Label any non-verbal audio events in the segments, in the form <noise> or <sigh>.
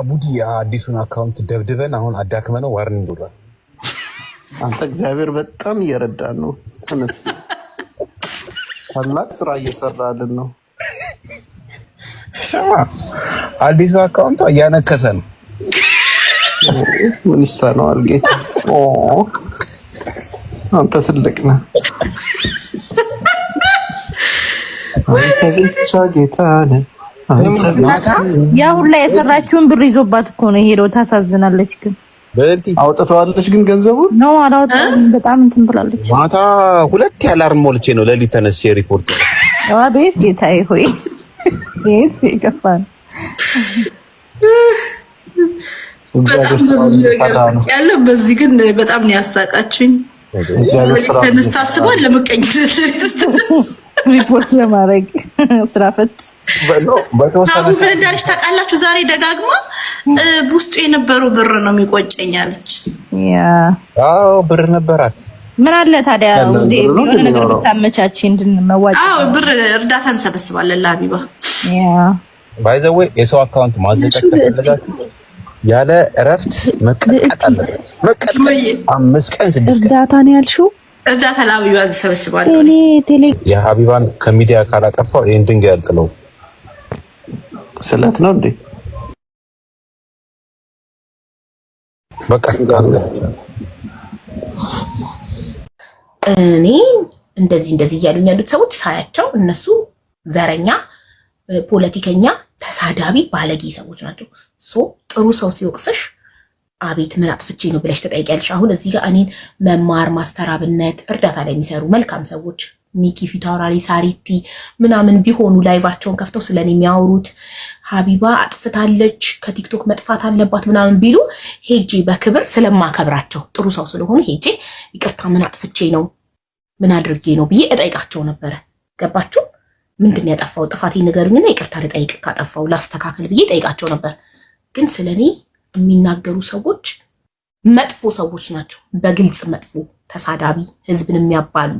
አቡዲ የአዲሱን አካውንት ደብድበን አሁን አዳክመ ነው ዋርኒንግ ብሏል። አንተ እግዚአብሔር በጣም እየረዳን ነው። ተነስ፣ ታላቅ ስራ እየሰራልን ነው። አዲሱ አካውንቷ እያነከሰ ነው። ሚኒስተር ነው አልጌታ። አንተ ትልቅ ነህ። አንተ ብቻ ጌታ ነህ። ያ ሁላ የሰራችውን ብር ይዞባት እኮ ነው የሄደው። ታሳዝናለች። ግን አውጥተዋለች ግን ገንዘቡን ነው አላወጣም። በጣም እንትን ብላለች። ማታ ሁለት ያላርም ሞልቼ ነው ለሊት ተነስቼ ሪፖርት አቤት ጌታዬ ሆይ ይህስ የከፋ ነው። ያለው በዚህ ግን በጣም ነው ያሳቃችኝ። ተነስታ አስባ ለመቀኘት ሪፖርት ለማድረግ ስራ ፈት አሁን እንዳለች ታውቃላችሁ። ዛሬ ደጋግማ ውስጡ የነበረው ብር ነው የሚቆጨኝ አለች። አዎ ብር ነበራት። ምን አለ ታዲያ የሆነ ነገር ብታመቻች እንድንመዋጭ። ብር እርዳታ እንሰበስባለን ለሀቢባ ባይዘዌ የሰው አካውንት ማዘጋጀት ከፈለጋችሁ ያለ እረፍት መቀጥቀጥ አለበት። መቀጥቀጥ አምስት ቀን ስድስት ቀን እርዳታ ነው ያልሽው እርዳታ ለአብዩ አዘሰበስባል። የሀቢባን ከሚዲያ ካላጠፋው ይህን ድንጋይ ያልጥለው ስለት ነው እንዴ? በቃ እኔ እንደዚህ እንደዚህ እያሉኝ ያሉት ሰዎች ሳያቸው እነሱ ዘረኛ፣ ፖለቲከኛ፣ ተሳዳቢ፣ ባለጌ ሰዎች ናቸው። ሶ ጥሩ ሰው ሲወቅስሽ አቤት ምን አጥፍቼ ነው ብለሽ ተጠይቂያለሽ። አሁን እዚህ ጋር እኔን መማር ማስተራብነት እርዳታ ላይ የሚሰሩ መልካም ሰዎች ሚኪ ፊት አውራሪ ሳሪቲ ምናምን ቢሆኑ ላይቫቸውን ከፍተው ስለኔ የሚያወሩት ሀቢባ አጥፍታለች ከቲክቶክ መጥፋት አለባት ምናምን ቢሉ ሄጄ በክብር ስለማከብራቸው ጥሩ ሰው ስለሆኑ ሄጄ ይቅርታ ምን አጥፍቼ ነው ምን አድርጌ ነው ብዬ እጠይቃቸው ነበረ። ገባችሁ? ምንድን ያጠፋው ጥፋቴ ንገሩኝና ይቅርታ ልጠይቅ ካጠፋው ላስተካከል ብዬ እጠይቃቸው ነበር። ግን ስለኔ የሚናገሩ ሰዎች መጥፎ ሰዎች ናቸው። በግልጽ መጥፎ ተሳዳቢ፣ ህዝብን የሚያባሉ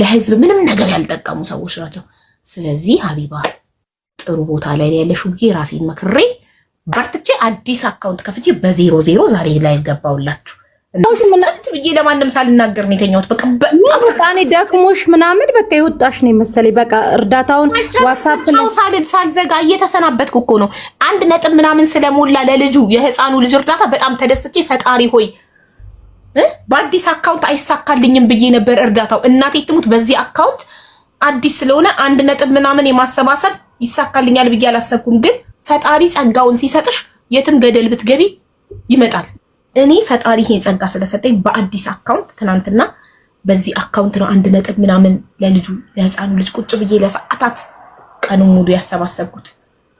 ለህዝብ ምንም ነገር ያልጠቀሙ ሰዎች ናቸው። ስለዚህ ሀቢባ ጥሩ ቦታ ላይ ያለሽው ብዬ ራሴን መክሬ በርትቼ አዲስ አካውንት ከፍቼ በዜሮ ዜሮ ዛሬ ላይ ገባውላችሁ። ት ብዬ ለማንም ሳልናገር ነው የተኛሁት። በጣም ደክሞሽ ምናምን በቃ የወጣሽ ነው የመሰለኝ። በቃ እርዳታውን ዋትሳፕ ሳልዘጋ እየተሰናበትኩ እኮ ነው። አንድ ነጥብ ምናምን ስለሞላ ለልጁ የህፃኑ ልጅ እርዳታ በጣም ተደስቼ ፈጣሪ ሆይ በአዲስ አካውንት አይሳካልኝም ብዬ ነበር። እርዳታው እናቴ ትሙት በዚህ አካውንት አዲስ ስለሆነ አንድ ነጥብ ምናምን የማሰባሰብ ይሳካልኛል ብዬ አላሰብኩም። ግን ፈጣሪ ጸጋውን ሲሰጥሽ የትም ገደል ብትገቢ ይመጣል። እኔ ፈጣሪ ይሄን ጸጋ ስለሰጠኝ በአዲስ አካውንት ትናንትና በዚህ አካውንት ነው አንድ ነጥብ ምናምን ለልጁ ለህፃኑ ልጅ ቁጭ ብዬ ለሰዓታት ቀኑን ሙሉ ያሰባሰብኩት።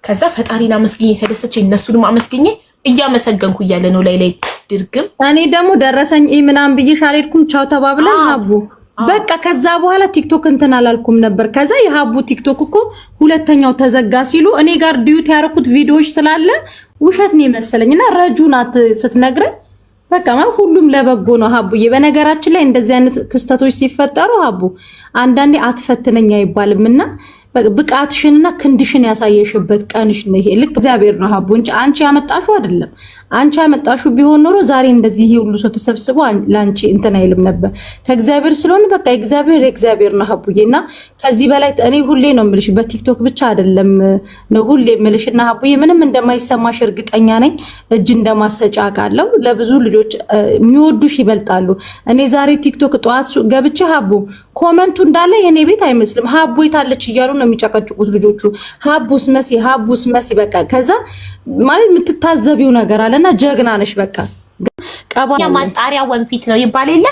ከዛ ፈጣሪን አመስግኜ ተደሰች፣ እነሱንም አመስግኜ እያመሰገንኩ እያለ ነው ላይ ላይ ድርግም። እኔ ደግሞ ደረሰኝ ምናምን ብዬሽ አልሄድኩም። ቻው ተባብለን ሀቡ በቃ። ከዛ በኋላ ቲክቶክ እንትን አላልኩም ነበር። ከዛ የሀቡ ቲክቶክ እኮ ሁለተኛው ተዘጋ ሲሉ እኔ ጋር ዲዩት ያደረኩት ቪዲዮዎች ስላለ ውሸት ነው የመሰለኝ እና ረጁ ናት ስትነግረኝ በቃ ማለት ሁሉም ለበጎ ነው ሀቡዬ። በነገራችን ላይ እንደዚህ አይነት ክስተቶች ሲፈጠሩ ሀቡ አንዳንዴ አትፈትነኝ አይባልም እና ብቃትሽንና ክንድሽን ያሳየሽበት ቀንሽ ነው ይሄ። ልክ እግዚአብሔር ነው ሀቡ እንጂ አንቺ ያመጣሹ አይደለም። አንቺ ያመጣሹ ቢሆን ኖሮ ዛሬ እንደዚህ ይሄ ሁሉ ሰው ተሰብስቦ ለአንቺ እንትን አይልም ነበር። ከእግዚአብሔር ስለሆነ በቃ እግዚአብሔር የእግዚአብሔር ነው ሀቡዬ። እና ከዚህ በላይ እኔ ሁሌ ነው የምልሽ፣ በቲክቶክ ብቻ አይደለም ነው ሁሌ የምልሽ። እና ሀቡዬ ምንም እንደማይሰማሽ እርግጠኛ ነኝ። እጅ እንደማሰጫ ቃለው ለብዙ ልጆች የሚወዱሽ ይበልጣሉ። እኔ ዛሬ ቲክቶክ ጠዋት ገብቼ ሀቡ ኮመንቱ እንዳለ የእኔ ቤት አይመስልም ሀቡ የታለች እያሉ ነው የሚጨቀጭቁት ልጆቹ። ሀቡስ መሲ ሀቡስ መሲ በቃ ከዛ ማለት የምትታዘቢው ነገር አለና ጀግና ነሽ። በቃ ቀባ ማጣሪያ ወንፊት ነው ይባል የለ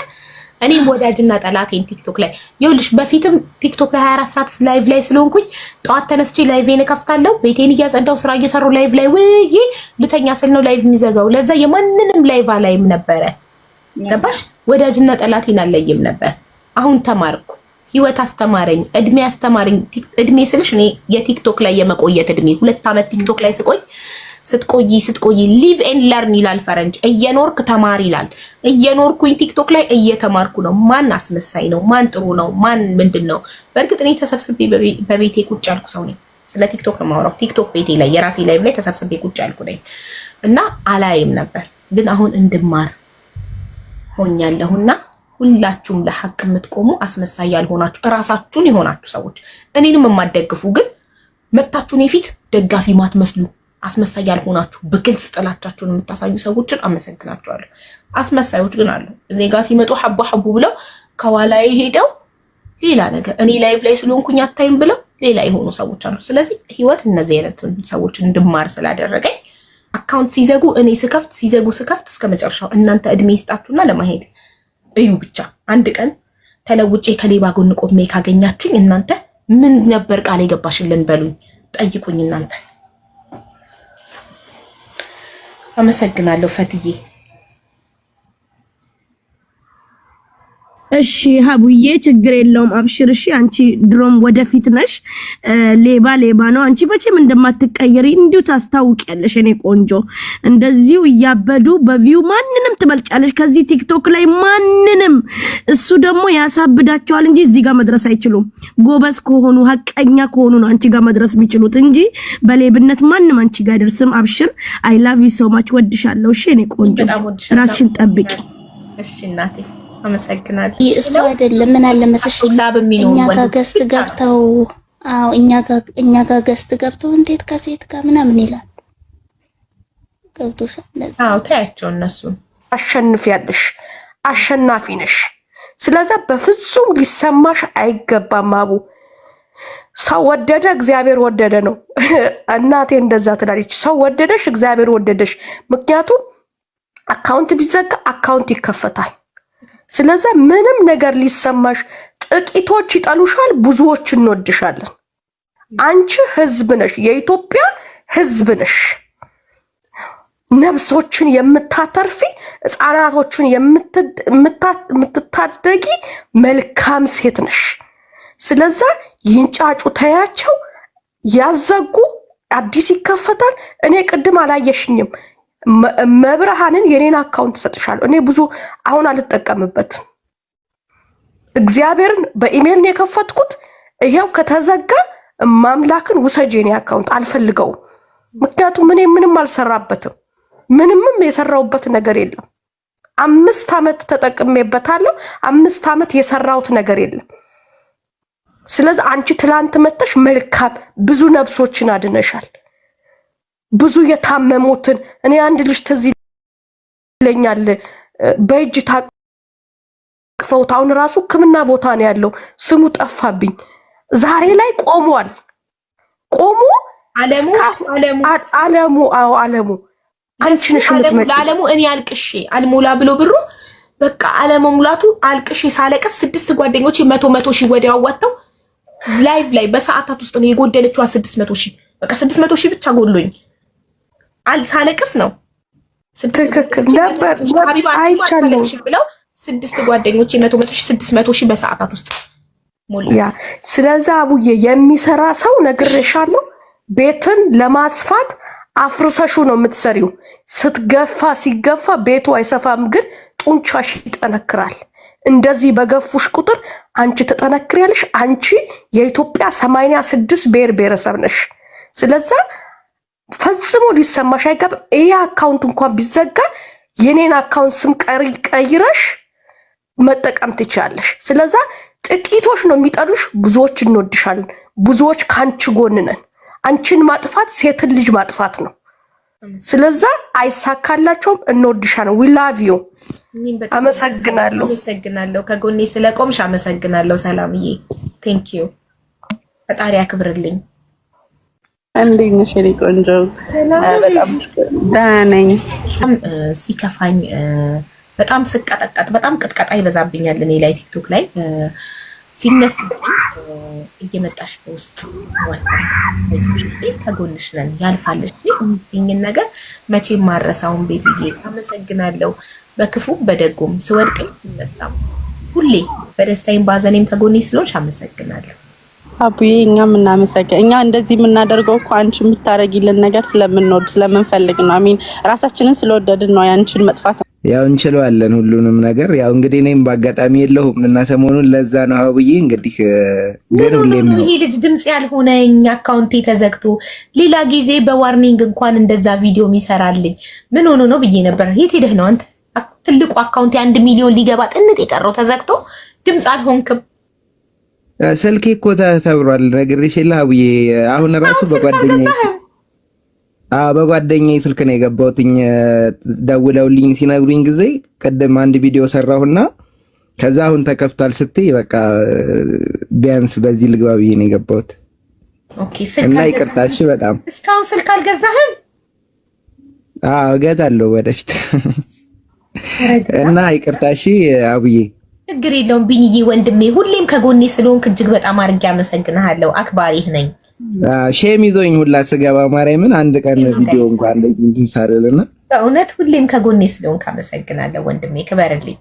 እኔም ወዳጅና ጠላቴን ቲክቶክ ላይ ይኸውልሽ፣ በፊትም ቲክቶክ ላይ 24 ሰዓት ላይቭ ላይ ስለሆንኩኝ ጠዋት ተነስቼ ላይቬን እከፍታለሁ። ቤቴን እያጸዳው ስራ እየሰሩ ላይቭ ላይ ውዬ ልተኛ ስል ነው ላይቭ የሚዘጋው። ለዛ የማንንም ላይቭ አላይም ነበረ። ገባሽ? ወዳጅና ጠላቴን አለይም ነበር። አሁን ተማርኩ። ህይወት አስተማረኝ፣ እድሜ አስተማረኝ። እድሜ ስልሽ እኔ የቲክቶክ ላይ የመቆየት እድሜ ሁለት ዓመት ቲክቶክ ላይ ስቆይ ስትቆይ ስትቆይ ሊቭ ኤን ለርን ይላል ፈረንጅ። እየኖርክ ተማር ይላል። እየኖርኩኝ ቲክቶክ ላይ እየተማርኩ ነው። ማን አስመሳይ ነው? ማን ጥሩ ነው? ማን ምንድን ነው? በእርግጥ እኔ ተሰብስቤ በቤቴ ቁጭ ያልኩ ሰው ነኝ። ስለ ቲክቶክ ነው የማወራው። ቲክቶክ ቤቴ ላይ የራሴ ላይቭ ላይ ተሰብስቤ ቁጭ ያልኩ ነኝ እና አላይም ነበር፣ ግን አሁን እንድማር ሆኛለሁና ሁላችሁም ለሀቅ የምትቆሙ አስመሳይ ያልሆናችሁ እራሳችሁን የሆናችሁ ሰዎች እኔንም የማደግፉ ግን መብታችሁን የፊት ደጋፊ ማትመስሉ አስመሳይ ያልሆናችሁ በግልጽ ጥላቻችሁን የምታሳዩ ሰዎችን አመሰግናቸዋለሁ። አስመሳዮች ግን አሉ። እዚህ ጋር ሲመጡ ሀቡ ሀቡ ብለው ከኋላ ሄደው ሌላ ነገር እኔ ላይቭ ላይ ስለሆንኩኝ አታይም ብለው ሌላ የሆኑ ሰዎች አሉ። ስለዚህ ህይወት እነዚህ አይነት ሰዎች እንድማር ስላደረገኝ አካውንት ሲዘጉ እኔ ስከፍት ሲዘጉ ስከፍት እስከ መጨረሻው እናንተ እድሜ ይስጣችሁና ለማሄድ እዩ ብቻ አንድ ቀን ተለውጬ ከሌባ ጎን ቆሜ ካገኛችሁኝ እናንተ ምን ነበር ቃል የገባሽልን በሉኝ፣ ጠይቁኝ እናንተ። አመሰግናለሁ ፈትዬ። እሺ ሀቡዬ ችግር የለውም አብሽር። እሺ አንቺ ድሮም ወደፊት ነሽ። ሌባ ሌባ ነው። አንቺ መቼም እንደማትቀየሪ እንዲሁ ታስታውቂያለሽ። እኔ ቆንጆ እንደዚሁ እያበዱ በቪው ማንንም ትበልጫለሽ። ከዚህ ቲክቶክ ላይ ማንንም እሱ ደግሞ ያሳብዳቸዋል እንጂ እዚህ ጋር መድረስ አይችሉም። ጎበዝ ከሆኑ ሀቀኛ ከሆኑ ነው አንቺ ጋር መድረስ የሚችሉት እንጂ በሌብነት ማንም አንቺ ጋር አይደርስም። አብሽር። አይ ላቭ ዩ ሶ ማች ወድሻለሁ። እሺ እኔ ቆንጆ ራስሽን ጠብቂ። እሺ እናቴ አመሰግናለሁ። እሱ አይደለም ምን አለ መሰሽ እኛ ጋር ገስት ገብተው አዎ፣ እኛ ጋር ገስት ገብተው እንዴት ከሴት ጋር ምናምን ይላል? ገብቶሻል? ለዚህ አዎ፣ ታያቸው እነሱ አሸንፊያለሽ፣ አሸናፊ ነሽ። ስለዛ በፍጹም ሊሰማሽ አይገባም። አቡ ሰው ወደደ እግዚአብሔር ወደደ ነው። <laughs> እናቴ እንደዛ ትላለች። ሰው ወደደሽ እግዚአብሔር ወደደሽ። ምክንያቱም አካውንት ቢዘጋ አካውንት ይከፈታል። ስለዛ ምንም ነገር ሊሰማሽ፣ ጥቂቶች ይጠሉሻል፣ ብዙዎች እንወድሻለን። አንቺ ህዝብ ነሽ፣ የኢትዮጵያ ህዝብ ነሽ። ነብሶችን የምታተርፊ ህፃናቶችን የምትታደጊ መልካም ሴት ነሽ። ስለዛ ይንጫጩ፣ ተያቸው። ያዘጉ አዲስ ይከፈታል። እኔ ቅድም አላየሽኝም። መብርሃንን የኔን አካውንት ሰጥሻለሁ። እኔ ብዙ አሁን አልጠቀምበትም። እግዚአብሔርን በኢሜል ነው የከፈትኩት። ይሄው ከተዘጋ ማምላክን ውሰጅ የኔ አካውንት አልፈልገውም። ምክንያቱም እኔ ምንም አልሰራበትም። ምንምም የሰራውበት ነገር የለም። አምስት ዓመት ተጠቅሜበታለሁ። አምስት ዓመት የሰራውት ነገር የለም። ስለዚህ አንቺ ትላንት መጥተሽ መልካም ብዙ ነብሶችን አድነሻል። ብዙ የታመሙትን እኔ አንድ ልጅ ትዝ ይለኛል በእጅ ታቅፈውት አሁን ራሱ ሕክምና ቦታ ነው ያለው። ስሙ ጠፋብኝ። ዛሬ ላይ ቆሟል። ቆሞ አለሙ አዎ አለሙ አንቺንሽ ለአለሙ እኔ አልቅሼ አልሞላ ብሎ ብሩ በቃ አለመሙላቱ አልቅሼ ሳለቅስ ስድስት ጓደኞች መቶ መቶ ሺህ ወዲያው አዋጥተው ላይቭ ላይ በሰዓታት ውስጥ ነው የጎደለችዋ ስድስት መቶ ሺህ በቃ ስድስት መቶ ሺህ ብቻ ጎሎኝ ሳለቅስ ነው ትክክል ብለው ስድስት ጓደኞች የመቶ መቶ ስድስት መቶ ሺህ በሰዓታት ውስጥ ያ ስለዚ አቡዬ የሚሰራ ሰው ነግሬሻለሁ። ቤትን ለማስፋት አፍርሰሹ ነው የምትሰሪው። ስትገፋ ሲገፋ ቤቱ አይሰፋም፣ ግን ጡንቻሽ ይጠነክራል። እንደዚህ በገፉሽ ቁጥር አንቺ ትጠነክሪያለሽ። አንቺ የኢትዮጵያ ሰማንያ ስድስት ብሔር ብሔረሰብ ነሽ። ስለዛ ፈጽሞ ሊሰማሽ አይገባም። ይሄ አካውንት እንኳን ቢዘጋ የኔን አካውንት ስም ቀይረሽ መጠቀም ትችላለሽ። ስለዛ ጥቂቶች ነው የሚጠሉሽ፣ ብዙዎች እንወድሻለን፣ ብዙዎች ከአንቺ ጎን ነን። አንቺን ማጥፋት ሴትን ልጅ ማጥፋት ነው። ስለዛ አይሳካላቸውም። እንወድሻ ነው። ላቭ ዩ። አመሰግናለሁ። አመሰግናለሁ ከጎኔ ስለቆምሽ አመሰግናለሁ ሰላምዬ። ቴንክ ዩ። ፈጣሪ ያክብርልኝ። እንዴት ነሽ የኔ ቆንጆ? በጣም ደህና ነኝ። ሲከፋኝ በጣም ስቀጠቀጥ በጣም ቅጥቀጣ ይበዛብኛል እኔ ላይ ቲክቶክ ላይ ሲነሱ እየመጣሽ በውስጥ ከጎንሽ ነን ያልፋለሽ የሚገኝን ነገር መቼም ማረሳውን ቤትዬ አመሰግናለሁ። በክፉ በደጎም ስወድቅም ስነሳም ሁሌ በደስታዬም ባዘኔም ከጎኔ ስለሆንሽ አመሰግናለሁ። አቡዬ እኛ የምናመሰግን እኛ እንደዚህ የምናደርገው እኮ አንቺ የምታረጊልን ነገር ስለምንወድ ስለምንፈልግ ነው። አሚን ራሳችንን ስለወደድን ነው። ያንቺን መጥፋት ያው እንችለዋለን ሁሉንም ነገር ያው እንግዲህ እኔም በአጋጣሚ የለሁም እና ሰሞኑን ለዛ ነው አቡዬ እንግዲህ ግን ሁሌም ይሄ ልጅ ድምጽ ያልሆነኝ አካውንቴ ተዘግቶ ሌላ ጊዜ በዋርኒንግ እንኳን እንደዛ ቪዲዮ የሚሰራልኝ ምን ሆኖ ነው ብዬ ነበር። የት ሄደህ ነው አንተ? ትልቁ አካውንቴ አንድ ሚሊዮን ሊገባ ጥንት የቀረው ተዘግቶ ድምፅ አልሆንክም ስልኬ እኮ ተሰብሯል ነግሬሽ የለ አሁን ራሱ በጓደኛዬ በጓደኛዬ ስልክ ነው የገባሁትኝ ደውለውልኝ ሲነግሩኝ ጊዜ ቅድም አንድ ቪዲዮ ሰራሁና ከዛ አሁን ተከፍቷል ስትይ በቃ ቢያንስ በዚህ ልግባ ብዬ ነው የገባሁት። እና ይቅርታ እሺ። በጣም እስካሁን ስልክ አልገዛህም? አዎ እገዛለሁ ወደፊት እና ይቅርታ እሺ አቡዬ ችግር የለውም ቢንዬ ወንድሜ፣ ሁሌም ከጎኔ ስለሆንክ እጅግ በጣም አድርጌ አመሰግንሃለሁ። አክባሪህ ነኝ። ሼም ይዞኝ ሁላ ስገባ ማርያምን አንድ ቀን ቪዲዮ እንኳን ሳልልና በእውነት ሁሌም ከጎኔ ስለሆንክ አመሰግናለሁ ወንድሜ፣ ክበርልኝ።